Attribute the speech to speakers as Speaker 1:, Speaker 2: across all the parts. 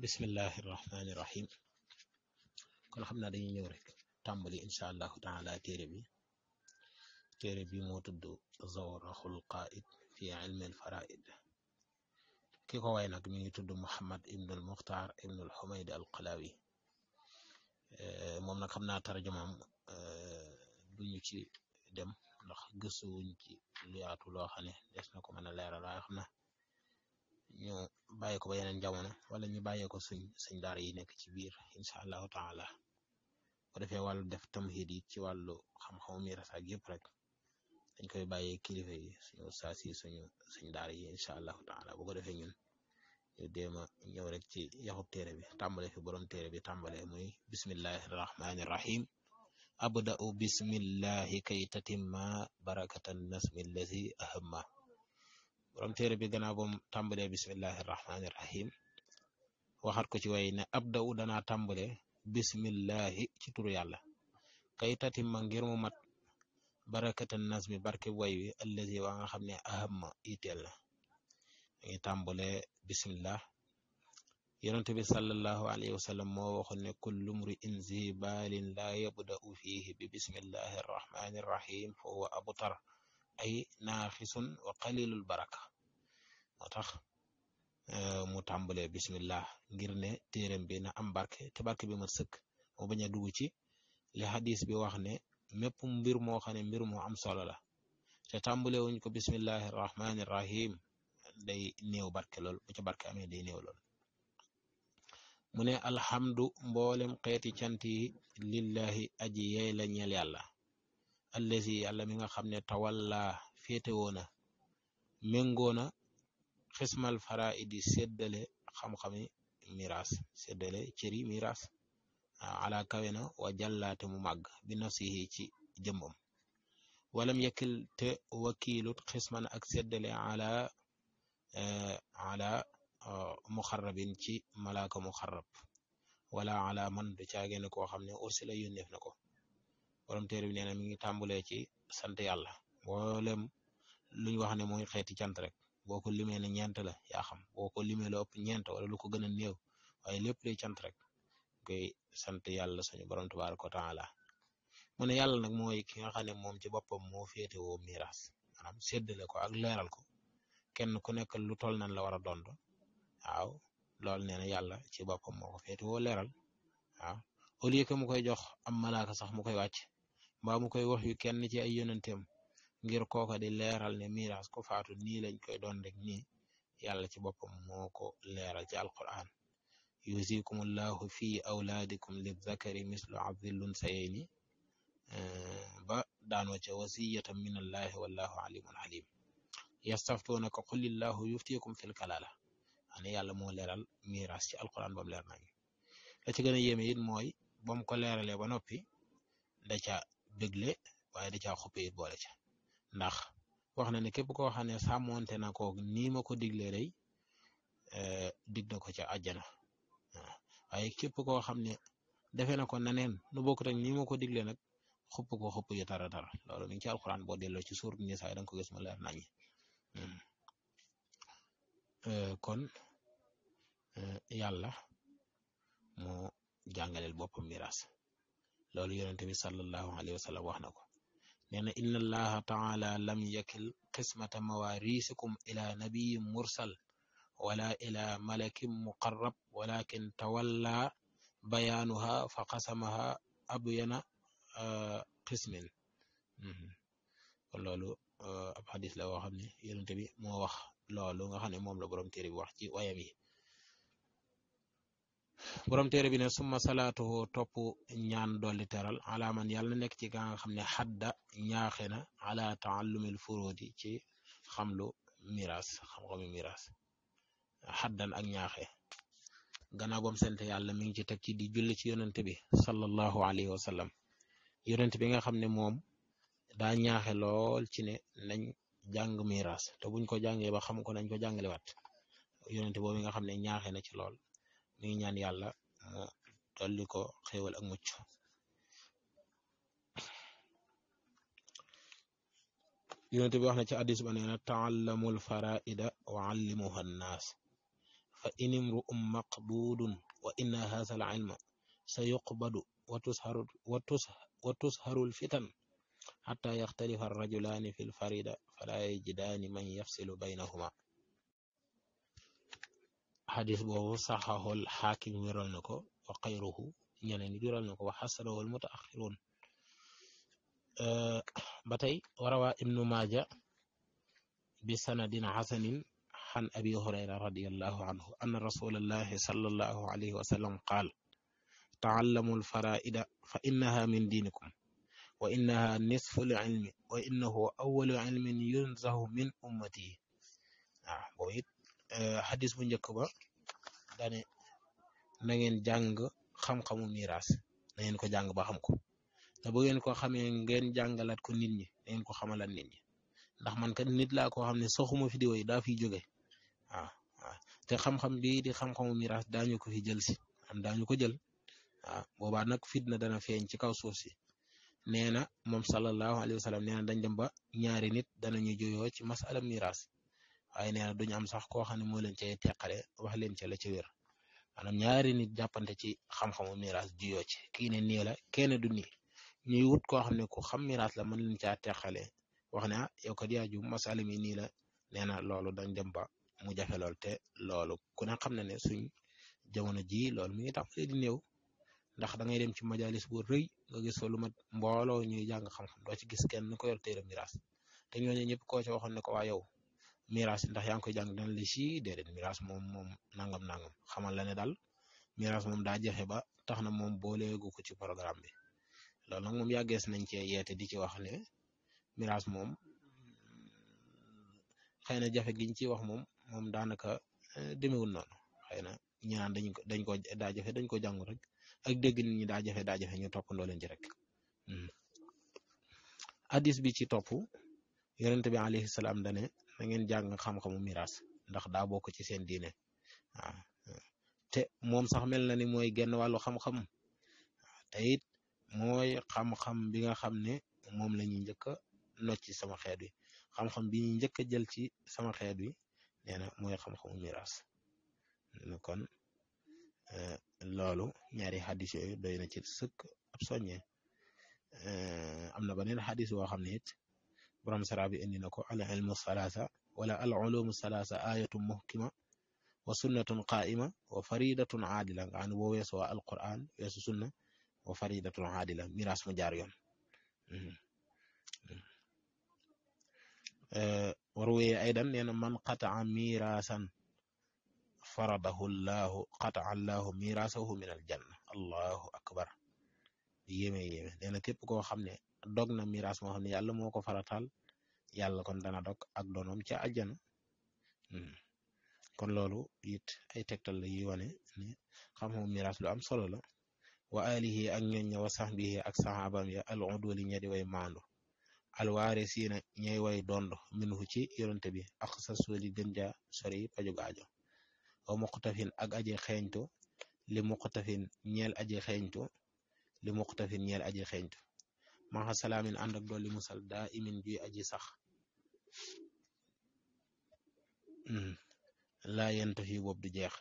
Speaker 1: بسم الله الرحمن الرحيم كل خمنا دي نيو رك تامبلي ان شاء الله تعالى تيري بي تيري بي مو تود زور القائد في علم الفرائد كيكو واي نك مي تود محمد ابن المختار ابن الحميد القلاوي موم نك خمنا ترجمام دو نيو سي دم نخ غسو نتي لياتو لو خاني ديس نكو مانا ليرال واي bàyyee ko ba yeneen jamono wala ñu bàyyee ko suñ suñ daara yi nekk ci biir incha allahu taala bu defee wàllu def tamhid yi ci wàllu xam-xamu miras ak yëpp rek dañ koy bàyyee kilifa yi suñu ustaas yi suñu suñ daara yi incha allahu taala bu ko defee ñun ñu deema ñëw rek ci yaxub téere bi tàmbale fi borom téere bi tàmbale muy bismillahi rahmani rahim abda'u bismillahi kay tatimma barakatan nasmi allazi ahamma borom téere bi gannaaw ba mu tàmbalee bismillahi rahmaani rahim waxaat ko ci way ne abda'u danaa tàmbale bismillahi ci turu yàlla kay tatimma ngir mu mat barakatan nazmi barke way wi allazi waa nga xam ne aham ma itteel na ngi tàmbale bismillah yonent bi bismillahi arrahmaani arrahim fa huwa abtar ay nafisun wa qalilul baraka motax eh, mu tambale bismillah ngir ne téerem bi na am barke te barke bi ma sëkk mo bañ a dugg ci li hadis bi wax ne mépp mbir moo xam ne mbir moo am solo la te tàmbale wuñ ko bismillahi rrahmani rrahim day néew barke lool bu ca barke amee day néew lool mu ne alhamdu mboolem xeeti cant yi lillahi aji yey la ñeel yàlla allazi yàlla mi nga xam ne tawalla féetewoo na méngoo na xismal faraidi séddale xam-xami miras séddale cëri miras ala kawe na wa jàllaate mu màgg bi nafsihi ci jëmmam wala yakil te wakiilut xisman ak séddale ala eh, ala eh, muxarrabin ci malaaka muxarrab wala ala man du caagee ne koo xam ne ursila yónneef na ko borom téere bi nee na mi ngi tàmbulee ci sant yàlla mboolem luñ wax ne mooy xeeti cant rek boo ko limee ne ñeent la yaa xam boo ko limee lu ñeent wala lu ko gën a néew waaye lépp day cant rek koy sant yàlla suñu borom tabaaraka wa taala mu ne yàlla nag mooy ki nga xam moom ci boppam moo féetewoo miiras maanaam séddale ko ak leeral ko kenn ku nekk lu toll nan la war a dond waaw loolu nee yàlla ci boppam moo ko féetewoo leeral waaw au lieu mu koy jox am malaaka sax mu koy wàcc mbaa mu koy wax yu kenn ci ay yonenteem ngir kooka di leeral ne miraas ko faatu nii lañ koy doon rek ni yàlla ci boppam moo ko leeral ci alquran yusikumullahu fi awlaadikum lizakari mislu abdil unsayayni eh, ba daanoo ca wasiyatan min allahi wallahu alimun alim yastaftuunaka qulillahu yuftikum fil kalala ane yàlla moo leeral miraas ci alquran bam leer nañ la ci gën a yéeme it ba mu ko leeralee ba noppi da ca bégle waaye da caa xuppe it boole ca ndax wax na ne képp koo xam ne sàmmonte na ko nii ma ko diglee rey eh, dig na ko ca àjjana waaw waaye képp koo xam ne defe na ko naneen nu bokkut ak nii ma ko diglee nag xupp ko xupp yu dara dara loolu mi ngi ci alxuraan boo delloo ci suur nisaa da nga ko gis mu leer naññi hmm. eh, kon eh, yàlla moo jàngaleel boppam miraas loolu yonente bi sallallahu alayhi wa sallam wax na ko nee na inna taala lam yakil qismata mawarisikum ila nabiyin mursal wala ila malakin muqarrab walakin tawalla bayaanuha fa qasamaha abyana qismin mhm. kon loolu ab xadis la woo xam ne yonente bi moo wax loolu nga xam ne moom la borom wax ci wayam yi borom téere bi ne summa salaatuhu topp ñaan dolli teral ala yàlla na nekk ci gaa nga xam ne xadda ñaaxe na ala taallumil furóodi ci xamlu miras xam-xamu miras xaddan ak ñaaxe gannaaw bam sant yàlla mi ngi ci teg ci di julli ci yonente bi sallallahu alayhi wa sallam yonente bi nga xam ne moom daa ñaaxe lool ci ne nañ jàng miras te buñ ko jàngee ba xam ko nañ ko jàngalewaat yonente boobu nga xam ne ñaaxe na ci lool ñu ñaan yàlla mu dolli ko xéewal ak mucc yonent bi wax na ci hadiis ba nee na taallamul faraida wa allimuha nnaas fa in imru'un maqbudun wa inna hadha al ilma sa wa tusharu wa tusharu lfitan xata yaxtalifa arrajulaani fi lfarida fala yajidaani man yafsilu baynahuma hadis boobu saxaxol xaakim wéral na ko wa xayruhu ñeneen ñi dural na ko wa xasanahul mutaaxiroon ba tey warawaa ibnu maaja bi sanadin xasanin xan abi hurayra radiallahu anhu anna rasulallahi sallallahu alayhi wa sallam qaal taallamu lfaraida fa innaha min dinikum wa innaha nisfu lilmi wa innahu awalu ilmin yunzahu min ummati waaw boobu it xadis euh, bu njëkk ba dane na ngeen jàng xam-xamu miraas na ko jàng ba xam ko te bu ngeen ko xamee ngeen jàngalaat ko nit ñi na ko xamalaat nit ñi ndax man kat nit laa koo xam ne soxuma fi di woy daa fiy jóge waaw waaw te xam-xam bii di xam-xamu miraas daañu ko fi jël si am daañu ko jël waaw boobaa nag na dana feeñ ci kaw suuf si nee na moom sallallahu alayhi wa sallam dañ dem ba ñaari nit dana danañu juyoo ci masala miraas waaye neena duñu am sax koo xam ne moo leen cay teqale wax leen ca la ca wér maanaam ñaari nit jàppante ci xam-xamu mirage juyoo ci kii ne nii la kenn du nii ñuy wut koo xam ne ku xam mirage la mën leen caa teqale wax ne ah yow ko diaaju masalim yi nii la nee na loolu dañ dem ba mu jafe lool te loolu ku ne xam ne ne suñ jamono jii loolu mu ngi tàppale di néew ndax da ngay dem ci majalis bu rëy nga gis fa lu mat mbooloo ñuy jàng xam-xam doo ci gis kenn ko yor téere mirage te ñooñu ñëpp koo ca waxoon ne ko waa yow miraas ndax yaa ngi koy jàng dana la si déedéet miraas moom moom nangam nangam xamal la ne daal miraas moom daa jafe ba tax na moom booleegu ko ci programme bi loolu nag moom yàggees nañ cee yeete di ci wax ne miraas moom mm, xëy na jafe giñ ci wax moom moom daanaka eh, demewul noonu xëy na ñu naan dañ ko dañ ko daa jafe dañ ko jàngu rek ak dégg nit daa jafe daa jafe ñu toppandoo leen ci rek mm. hadis bi ci topp yonent bi alayhi salaam dane na ngeen jàng xam-xamu miraas ndax daa bokk ci seen diine waaw te moom sax mel na ni mooy genn wàllu xam-xam te mooy xam-xam bi nga xam ne moom la ñuy njëkk a nocc ci sama xeet wi xam-xam bi ñuy njëkk a jël ci sama xeet wi nee na mooy xam-xamu miraas kon eh, loolu ñaari xadis yooyu doy na ci sëkk ab soññe eh, am na ba beneen xadis boo xam ne برام سرابي اني نكو العلم الثلاثة ولا العلوم الثلاثة آية محكمة وسنة قائمة وفريدة عادلة عن يعني وويس القرآن ويس سنة وفريدة عادلة ميراس مجاريون آه، وروي أيضا أن من قطع ميراسا فرضه الله قطع الله ميراثه من الجنة الله أكبر يمي يمي لأن كيف كو خمني dog na miraas moo xam ne yàlla moo ko farataal yàlla kon dana dog ak doonoom ca àjjana hmm. kon loolu it ay tegtal la yuy wane xam-xamu miraas lu am solo la wa alihi ak ñoñ ña wa sahbihi ak sahabam ya al uduli ña di way maandu alwaare siina ñay way dondo minhu ci yonante bi ak sa soli gën ja sori paju wa muqtafin ak aje xeeñtu li muqtafin ñeel aje xeeñtu li muqtafin ñeel aje xeeñtu maxa salaamin ànd ak dolli daa imin juy aji sax hmm. laa yent fii boobu du jeex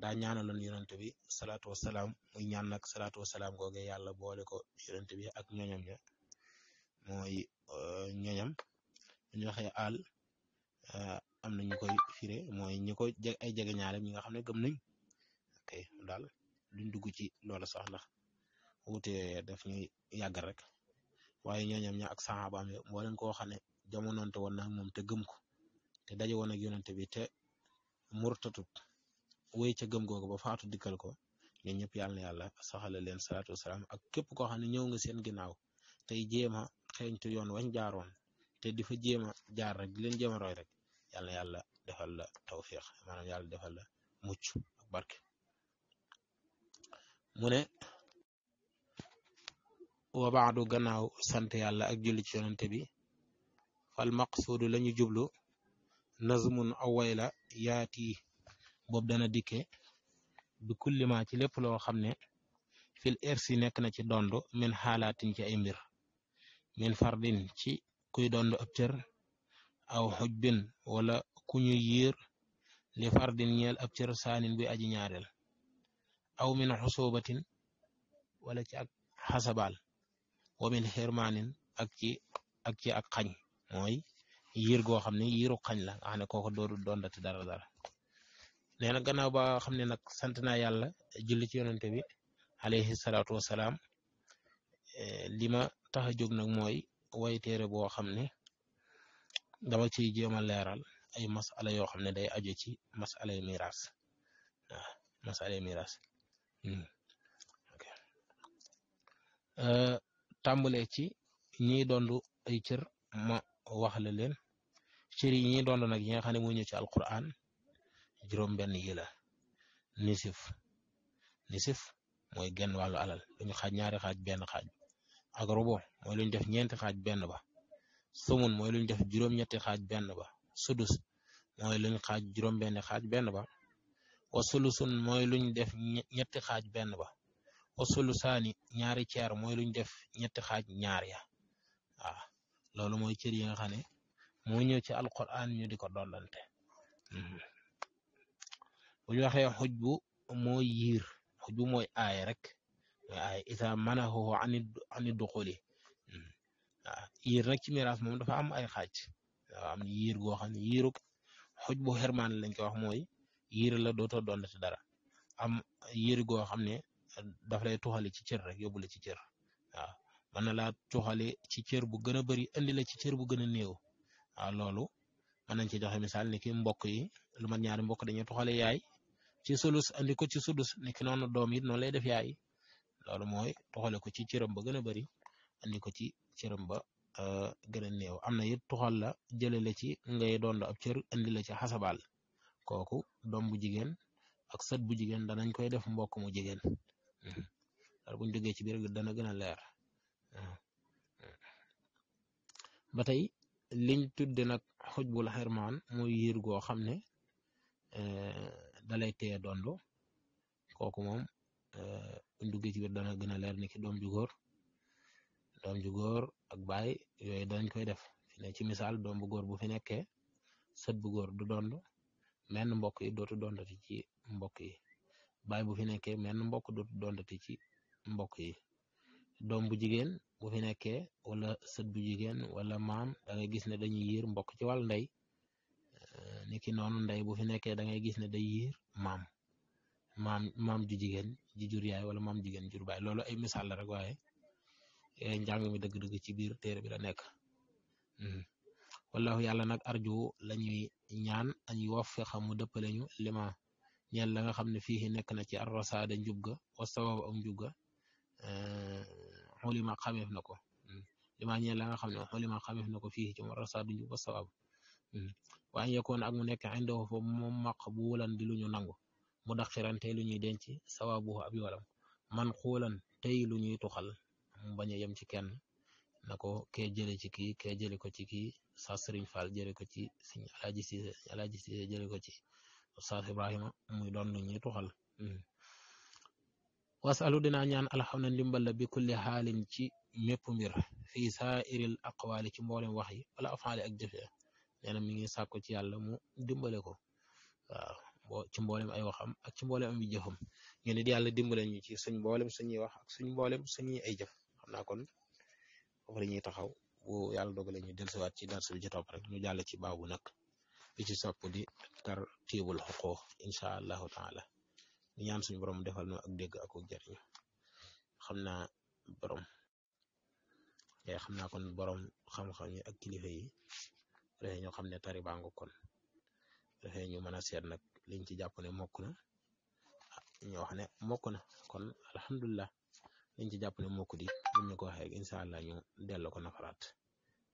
Speaker 1: daa ñaanaloon yonent bi salaatu wasalaam muy ñaan nag salaatu wasalaam googe yàlla boole ko yonent bi ak ñoñam ña mooy euh, ñoñam ñu waxee àll euh, am na ñu koy firé mooy ay jege ñaarem ñi nga xam ne gëm nañ ok daal duñ dugg ci loola sax ndax wutee daf ñuy yàgg rek waaye ñooñam ña ak saxaabaam yi moo leen koo xam ne jamonoonte woon na ak moom te gëm ko te daje woon ak bi te murtatut wéy ca gëm googu ba faatu dikkal ko ñun ñëpp yàlla na yàlla saxala leen salaatu wasalaam ak képp koo xam ne ñëw nga seen ginnaaw te jéem a xeeñtu yoon wañ jaaroon te di fa jéem a jaar rek di leen jéem a roy rek yàlla yàlla defal la tawfiix maanaam yàlla defal la mucc ak barke mu wa baadu gannaaw sant yàlla ak julli ci yonante bi fal maqsuudu la ñu jublu nazmun aw way la yaati boobu dana dikke bi kullima ci lépp loo xam ne fil irsi nekk na ci dond min xaalaatin ci ay mbir min fardin ci kuy dond ab cër aw xujbin wala ku yiir li fardin ñeel ab cër aji ñaareel aw min xusubatin wala ci ak xasabaal wamin xirmaanin ak ci ak ci ak xañ mooy yiir goo xam ne yiiru xañ la nga xam ne kooku doodu doondati dara dara nee na gannaaw ba xam ne nag sant naa yàlla julli ci yonente bi alayhi salaatu wasalaam eh, li ma taxa a nag mooy way téere boo xam ne dama ciy jéem leeral ay masala yoo xam ne day aju ci masala yi miraas waaw masala yi miraas hmm. eh, tàmbalee ci ñiy dondu ay cër ma wax la leen cër yi ñiy dondu nag yi nga xam ne moo ñëw ci alquran juróom-benn yi la nisif nisif mooy genn wàllu alal luñu xaaj ñaari xaaj benn xaaj ak rubu mooy luñ def ñeenti xaaj benn ba sumun mooy luñ def juróom-ñetti xaaj benn ba sudus mooy luñ xaaj juróom-benn xaaj benn ba wa sulusun mooy luñ def ñetti xaaj benn ba o saani ñaari ceer mooy luñ def ñetti xaaj ñaar ya waaw loolu mooy cër yi nga xam ne moo ñëw ci alquran ñu di ko dollante hmm. bu ñu waxee xuj bu mooy yiir xuj mooy aay rek mooy aay isa manahu ani duxuli yir hmm. yiir nag ci miraas moom dafa am ay xaaj dafa am yiir goo xam ne yiirug xuj bu xermaan lañ ko wax mooy yiir la dootoo dollante dara am yiir goo xam ne daf lay tuxale ci cër rek yóbbu la ci cër waaw mën na laa tuxale ci cër bu gën a bëri indi la ci cër bu gën a néew waaw loolu mën nañ ci joxe misaal ni ki mbokk yi lu mat ñaari mbokk dañuy tuxale yaay ci sulus andi ko ci sudus ni ki noonu doom yi noonu lay def yaay loolu mooy tuxale ko ci cëram ba gën a bëri andi ko ci cëram ba euh, gën a néew am na it tuxal la jële la ci ngay doon ab cër indi la ci xasabaal kooku doom bu jigéen ak sët bu jigéen danañ koy def mbokk mu jigéen buñ duggee ci biir dana gën a leer ba tey liñ tudde nag xujbul xirmaan muy yiir goo xam ne e, dalay téye dondo kooku moom e, buñ duggee ci biir dana gën a leer ni ki doom ju góor doom ju góor ak baay yooyu dañ koy def fi ci misaal doom bu góor bu fi nekkee sët bu góor du dond menn mbokk yi dootu dondati ci mbokk yi bay bu fi nekké menn mbokk du dondati ci mbokk yi dom bu jigen bu fi nekké wala sët bu jigen wala maam da ngay gis ne dañuy yir mbokk ci wal ndey eh, niki ki noonu ndey bu fi nekké da ngay gis ne day yir maam maam maam ju jigen ji jur yaay wala maam jigen jur bay lolu ay misal la rek e eh, jang mi deug deug ci bir téré bi la nekk hmm. wallahu yalla nak arju lañuy ñaan ak yoffe xamu deppaleñu ñu ñeel a nga xam ne fii nekk na ci arrasaada njub ga wa sawabu ak njub ga xulima euh, xameef na ko lima hmm. ñeel la nga xam ne xulima xameef na ko fii ci arrasaada njub wa sawabu hmm. waaye yekkoon ak mu nekk indoo fa moom maq bu wulan di lu ñu nangu mu daxiran tey lu ñuy denc sawabu ab yoolam man xuulan tey lu ñuy tuxal mu bañ a yem ci kenn na ko kee jële ci kii kee jële ko ci kii sa fal Fall ko ci sëñ alaaji si ko ci Oustaz Ibrahima muy doon lu ñuy tuxal hmm. wasalu dinaa ñaan na ndimbal la bi kulli xaalin ci mépp mbir fii saairil aqwaali ci mboolem wax yi wala afaali ak jëfe nee na mi ngi sàkku ci yàlla mu dimbale ko waaw ci mboolem ay waxam ak ci mboolem am jëfam ñu ne yàlla dimbale ñu ci suñ mboolem suñuy wax ak suñ mboolem suñuy ay jëf xam naa kon foofu la ñuy taxaw bu yàlla dogalee ñu waat ci darsu bi ci topp rek ñu jàll ci baabu nag. bi ci sopp di tar tiibul xuquuq incha allahu taala di ñaan suñu borom defal nu ak dégg ak jariñu xam naa borom tey eh, xam naa kon borom xam-xam yi ak kilifa yi ñu xam ne tari baangu kon dafay ñu mën a seet nag liñ ci jàpp ne mokk na ah, ñu wax ne mokk na kon alhamdulilah liñ ci jàpp ne mokk di buñ ñu ko waxee incha allah ñu delloo ko nafaraat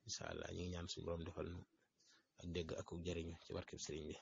Speaker 1: incha allah ñu ngi ñaan suñu borom defal nu ak dégg ak jariñu ci barkeb sëriñ bi